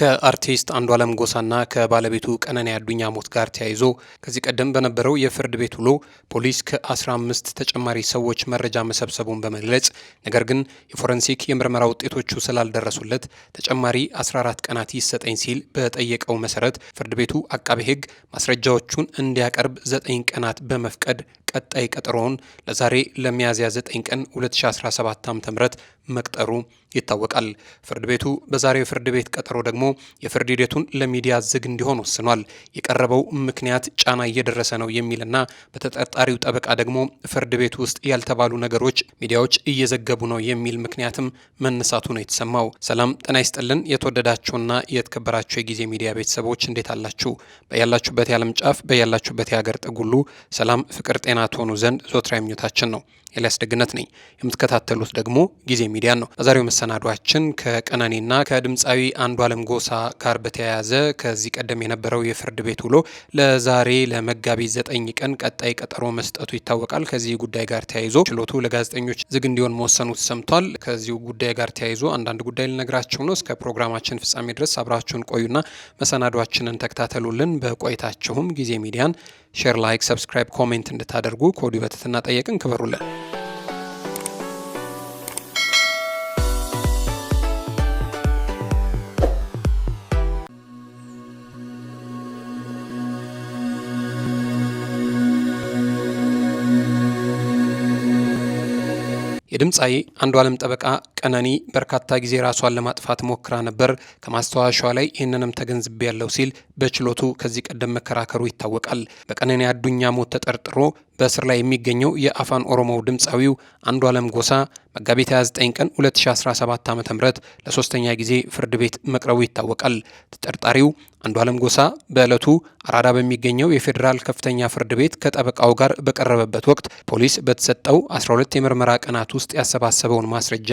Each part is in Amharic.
ከአርቲስት አንዷለም ጎሳና ከባለቤቱ ቀነኒ አዱኛ ሞት ጋር ተያይዞ ከዚህ ቀደም በነበረው የፍርድ ቤት ውሎ ፖሊስ ከ15 ተጨማሪ ሰዎች መረጃ መሰብሰቡን በመግለጽ ነገር ግን የፎረንሲክ የምርመራ ውጤቶቹ ስላልደረሱለት ተጨማሪ 14 ቀናት ይሰጠኝ ሲል በጠየቀው መሰረት ፍርድ ቤቱ አቃቤ ሕግ ማስረጃዎቹን እንዲያቀርብ ዘጠኝ ቀናት በመፍቀድ ቀጣይ ቀጠሮውን ለዛሬ ለሚያዝያ 9 ቀን 2017 ዓ ም መቅጠሩ ይታወቃል። ፍርድ ቤቱ በዛሬው ፍርድ ቤት ቀጠሮ ደግሞ የፍርድ ሂደቱን ለሚዲያ ዝግ እንዲሆን ወስኗል። የቀረበው ምክንያት ጫና እየደረሰ ነው የሚልና በተጠርጣሪው ጠበቃ ደግሞ ፍርድ ቤቱ ውስጥ ያልተባሉ ነገሮች ሚዲያዎች እየዘገቡ ነው የሚል ምክንያትም መነሳቱ ነው የተሰማው። ሰላም ጤና ይስጥልን። የተወደዳችሁና የተከበራችሁ የጊዜ ሚዲያ ቤተሰቦች እንዴት አላችሁ? በያላችሁበት የዓለም ጫፍ በያላችሁበት የሀገር ጥጉሉ ሰላም፣ ፍቅር፣ ጤና ካህናት ሆኑ ዘንድ ዞትራ ምኞታችን ነው። ኤልያስ ደግነት ነኝ። የምትከታተሉት ደግሞ ጊዜ ሚዲያን ነው። በዛሬው መሰናዷችን ከቀነኒና ከድምፃዊ አንዱ አለም ጎሳ ጋር በተያያዘ ከዚህ ቀደም የነበረው የፍርድ ቤት ውሎ ለዛሬ ለመጋቢት ዘጠኝ ቀን ቀጣይ ቀጠሮ መስጠቱ ይታወቃል። ከዚህ ጉዳይ ጋር ተያይዞ ችሎቱ ለጋዜጠኞች ዝግ እንዲሆን መወሰኑ ተሰምቷል። ከዚሁ ጉዳይ ጋር ተያይዞ አንዳንድ ጉዳይ ልነግራችሁ ነው። እስከ ፕሮግራማችን ፍጻሜ ድረስ አብራችሁን ቆዩና መሰናዷችንን ተከታተሉልን። በቆይታችሁም ጊዜ ሚዲያን ሼር፣ ላይክ፣ ሰብስክራይብ፣ ኮሜንት እንድታደርጉ ከወዲሁ በትህትና ጠየቅን። ክበሩልን። የድምፃዊ አንዷለም ጠበቃ ቀነኒ በርካታ ጊዜ ራሷን ለማጥፋት ሞክራ ነበር፣ ከማስታወሻዋ ላይ ይህንንም ተገንዝቤ ያለው ሲል በችሎቱ ከዚህ ቀደም መከራከሩ ይታወቃል። በቀነኒ አዱኛ ሞት ተጠርጥሮ በእስር ላይ የሚገኘው የአፋን ኦሮሞው ድምፃዊው አንዷለም ጎሳ መጋቢት 29 ቀን 2017 ዓ ም ለሶስተኛ ጊዜ ፍርድ ቤት መቅረቡ ይታወቃል። ተጠርጣሪው አለም ጎሳ በዕለቱ አራዳ በሚገኘው የፌዴራል ከፍተኛ ፍርድ ቤት ከጠበቃው ጋር በቀረበበት ወቅት ፖሊስ በተሰጠው 12 የምርመራ ቀናት ውስጥ ያሰባሰበውን ማስረጃ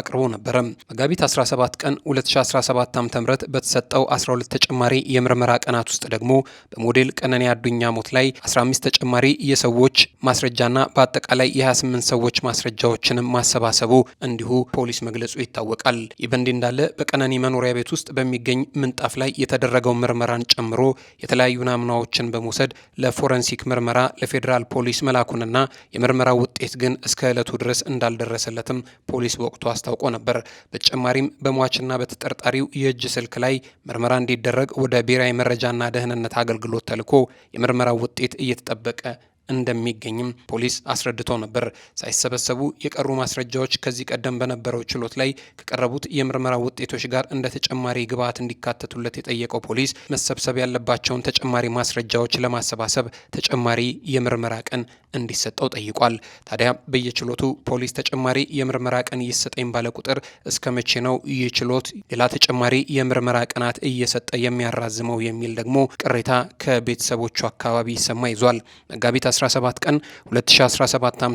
አቅርቦ ነበረ። መጋቢት 17 ቀን 2017 ዓ ም በተሰጠው 12 ተጨማሪ የምርመራ ቀናት ውስጥ ደግሞ በሞዴል ቀነኒ አዱኛ ሞት ላይ 15 ተጨማሪ የሰዎች ማስረጃና በአጠቃላይ የ28 ሰዎች ማስረጃዎችንም ማሰ መሰባሰቡ እንዲሁ ፖሊስ መግለጹ ይታወቃል። ይህ በእንዲህ እንዳለ በቀነኒ መኖሪያ ቤት ውስጥ በሚገኝ ምንጣፍ ላይ የተደረገው ምርመራን ጨምሮ የተለያዩ ናሙናዎችን በመውሰድ ለፎረንሲክ ምርመራ ለፌዴራል ፖሊስ መላኩንና የምርመራው ውጤት ግን እስከ ዕለቱ ድረስ እንዳልደረሰለትም ፖሊስ በወቅቱ አስታውቆ ነበር። በተጨማሪም በሟችና በተጠርጣሪው የእጅ ስልክ ላይ ምርመራ እንዲደረግ ወደ ብሔራዊ መረጃና ደህንነት አገልግሎት ተልኮ የምርመራው ውጤት እየተጠበቀ እንደሚገኝም ፖሊስ አስረድቶ ነበር። ሳይሰበሰቡ የቀሩ ማስረጃዎች ከዚህ ቀደም በነበረው ችሎት ላይ ከቀረቡት የምርመራ ውጤቶች ጋር እንደ ተጨማሪ ግብዓት እንዲካተቱለት የጠየቀው ፖሊስ መሰብሰብ ያለባቸውን ተጨማሪ ማስረጃዎች ለማሰባሰብ ተጨማሪ የምርመራ ቀን እንዲሰጠው ጠይቋል። ታዲያ በየችሎቱ ፖሊስ ተጨማሪ የምርመራ ቀን እየሰጠኝ ባለ ቁጥር እስከ መቼ ነው ይህ ችሎት ሌላ ተጨማሪ የምርመራ ቀናት እየሰጠ የሚያራዝመው የሚል ደግሞ ቅሬታ ከቤተሰቦቹ አካባቢ ይሰማ ይዟል። መጋቢት 17 ቀን 2017 ዓ.ም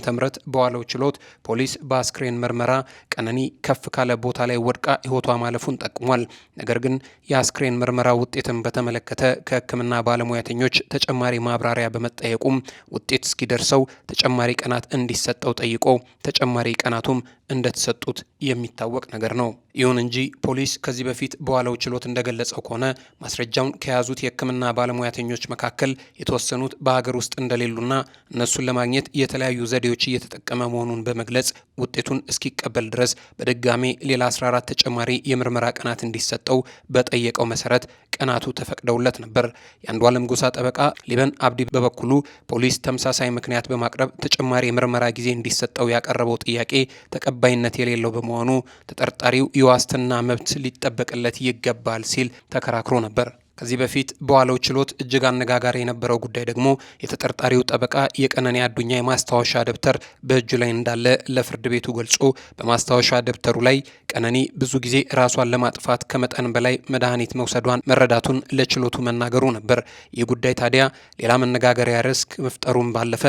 በዋለው ችሎት ፖሊስ በአስክሬን ምርመራ ቀነኒ ከፍ ካለ ቦታ ላይ ወድቃ ህይወቷ ማለፉን ጠቅሟል። ነገር ግን የአስክሬን ምርመራ ውጤትን በተመለከተ ከህክምና ባለሙያተኞች ተጨማሪ ማብራሪያ በመጠየቁም ውጤት እስኪደርሰው ተጨማሪ ቀናት እንዲሰጠው ጠይቆ ተጨማሪ ቀናቱም እንደተሰጡት የሚታወቅ ነገር ነው። ይሁን እንጂ ፖሊስ ከዚህ በፊት በዋለው ችሎት እንደገለጸው ከሆነ ማስረጃውን ከያዙት የህክምና ባለሙያተኞች መካከል የተወሰኑት በሀገር ውስጥ እንደሌሉና እነሱን ለማግኘት የተለያዩ ዘዴዎች እየተጠቀመ መሆኑን በመግለጽ ውጤቱን እስኪቀበል ድረስ ድረስ በድጋሜ ሌላ 14 ተጨማሪ የምርመራ ቀናት እንዲሰጠው በጠየቀው መሰረት ቀናቱ ተፈቅደውለት ነበር። የአንዷለም ጎሳ ጠበቃ ሊበን አብዲ በበኩሉ ፖሊስ ተመሳሳይ ምክንያት በማቅረብ ተጨማሪ የምርመራ ጊዜ እንዲሰጠው ያቀረበው ጥያቄ ተቀባይነት የሌለው በመሆኑ ተጠርጣሪው የዋስትና መብት ሊጠበቅለት ይገባል ሲል ተከራክሮ ነበር። ከዚህ በፊት በዋለው ችሎት እጅግ አነጋጋሪ የነበረው ጉዳይ ደግሞ የተጠርጣሪው ጠበቃ የቀነኔ አዱኛ የማስታወሻ ደብተር በእጁ ላይ እንዳለ ለፍርድ ቤቱ ገልጾ በማስታወሻ ደብተሩ ላይ ቀነኒ ብዙ ጊዜ ራሷን ለማጥፋት ከመጠን በላይ መድኃኒት መውሰዷን መረዳቱን ለችሎቱ መናገሩ ነበር። ይህ ጉዳይ ታዲያ ሌላ መነጋገሪያ ርዕስ መፍጠሩን ባለፈ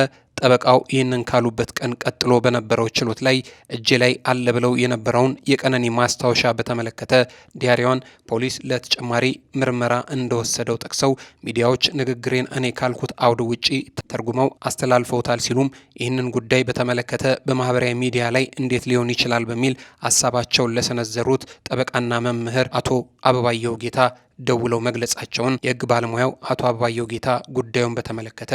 ጠበቃው ይህንን ካሉበት ቀን ቀጥሎ በነበረው ችሎት ላይ እጅ ላይ አለ ብለው የነበረውን የቀነኒ ማስታወሻ በተመለከተ ዲያሪዋን ፖሊስ ለተጨማሪ ምርመራ እንደወሰደው ጠቅሰው ሚዲያዎች ንግግሬን እኔ ካልኩት አውድ ውጪ ተርጉመው አስተላልፈውታል ሲሉም ይህንን ጉዳይ በተመለከተ በማህበራዊ ሚዲያ ላይ እንዴት ሊሆን ይችላል በሚል ሀሳባቸውን ለሰነዘሩት ጠበቃና መምህር አቶ አበባየሁ ጌታ ደውለው መግለጻቸውን የህግ ባለሙያው አቶ አበባየው ጌታ ጉዳዩን በተመለከተ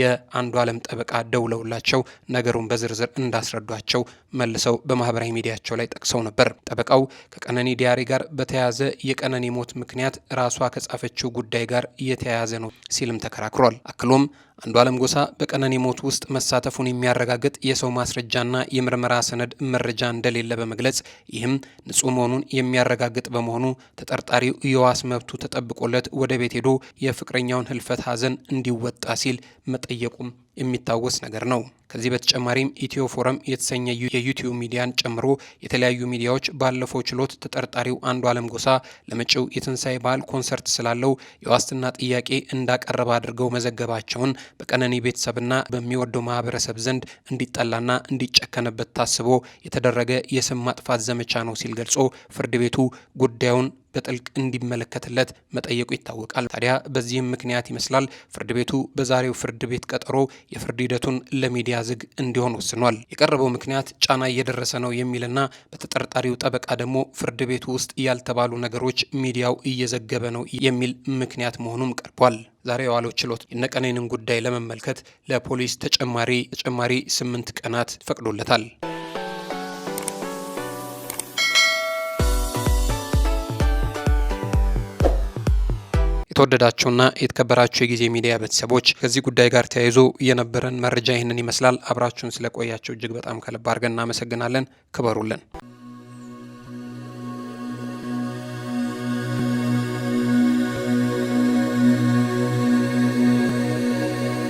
የአንዱ ዓለም ጠበቃ ደውለውላቸው ነገሩን በዝርዝር እንዳስረዷቸው መልሰው በማህበራዊ ሚዲያቸው ላይ ጠቅሰው ነበር። ጠበቃው ከቀነኒ ዲያሪ ጋር በተያያዘ የቀነኒ ሞት ምክንያት ራሷ ከጻፈችው ጉዳይ ጋር የተያያዘ ነው ሲልም ተከራክሯል። አክሎም አንዱ ዓለም ጎሳ በቀነኒ ሞት ውስጥ መሳተፉን የሚያረጋግጥ የሰው ማስረጃና የምርመራ ሰነድ መረጃ እንደሌለ በመግለጽ ይህም ንጹህ መሆኑን የሚያረጋግጥ በመሆኑ ተጠርጣሪው የዋስ መብት መብቱ ተጠብቆለት ወደ ቤት ሄዶ የፍቅረኛውን ህልፈት ሀዘን እንዲወጣ ሲል መጠየቁም የሚታወስ ነገር ነው። ከዚህ በተጨማሪም ኢትዮ ፎረም የተሰኘ የዩቲዩብ ሚዲያን ጨምሮ የተለያዩ ሚዲያዎች ባለፈው ችሎት ተጠርጣሪው አንዱ አለም ጎሳ ለመጪው የትንሣኤ በዓል ኮንሰርት ስላለው የዋስትና ጥያቄ እንዳቀረበ አድርገው መዘገባቸውን በቀነኒ ቤተሰብና በሚወደው ማህበረሰብ ዘንድ እንዲጠላና እንዲጨከንበት ታስቦ የተደረገ የስም ማጥፋት ዘመቻ ነው ሲል ገልጾ ፍርድ ቤቱ ጉዳዩን በጥልቅ እንዲመለከትለት መጠየቁ ይታወቃል። ታዲያ በዚህም ምክንያት ይመስላል ፍርድ ቤቱ በዛሬው ፍርድ ቤት ቀጠሮ የፍርድ ሂደቱን ለሚዲያ ዝግ እንዲሆን ወስኗል። የቀረበው ምክንያት ጫና እየደረሰ ነው የሚልና በተጠርጣሪው ጠበቃ ደግሞ ፍርድ ቤቱ ውስጥ ያልተባሉ ነገሮች ሚዲያው እየዘገበ ነው የሚል ምክንያት መሆኑም ቀርቧል። ዛሬ የዋለው ችሎት የነቀነንን ጉዳይ ለመመልከት ለፖሊስ ተጨማሪ ተጨማሪ ስምንት ቀናት ፈቅዶለታል። የተወደዳችሁና የተከበራችሁ የጊዜ ሚዲያ ቤተሰቦች ከዚህ ጉዳይ ጋር ተያይዞ የነበረን መረጃ ይህንን ይመስላል። አብራችሁን ስለቆያችሁ እጅግ በጣም ከልብ አድርገን እናመሰግናለን። ክበሩልን።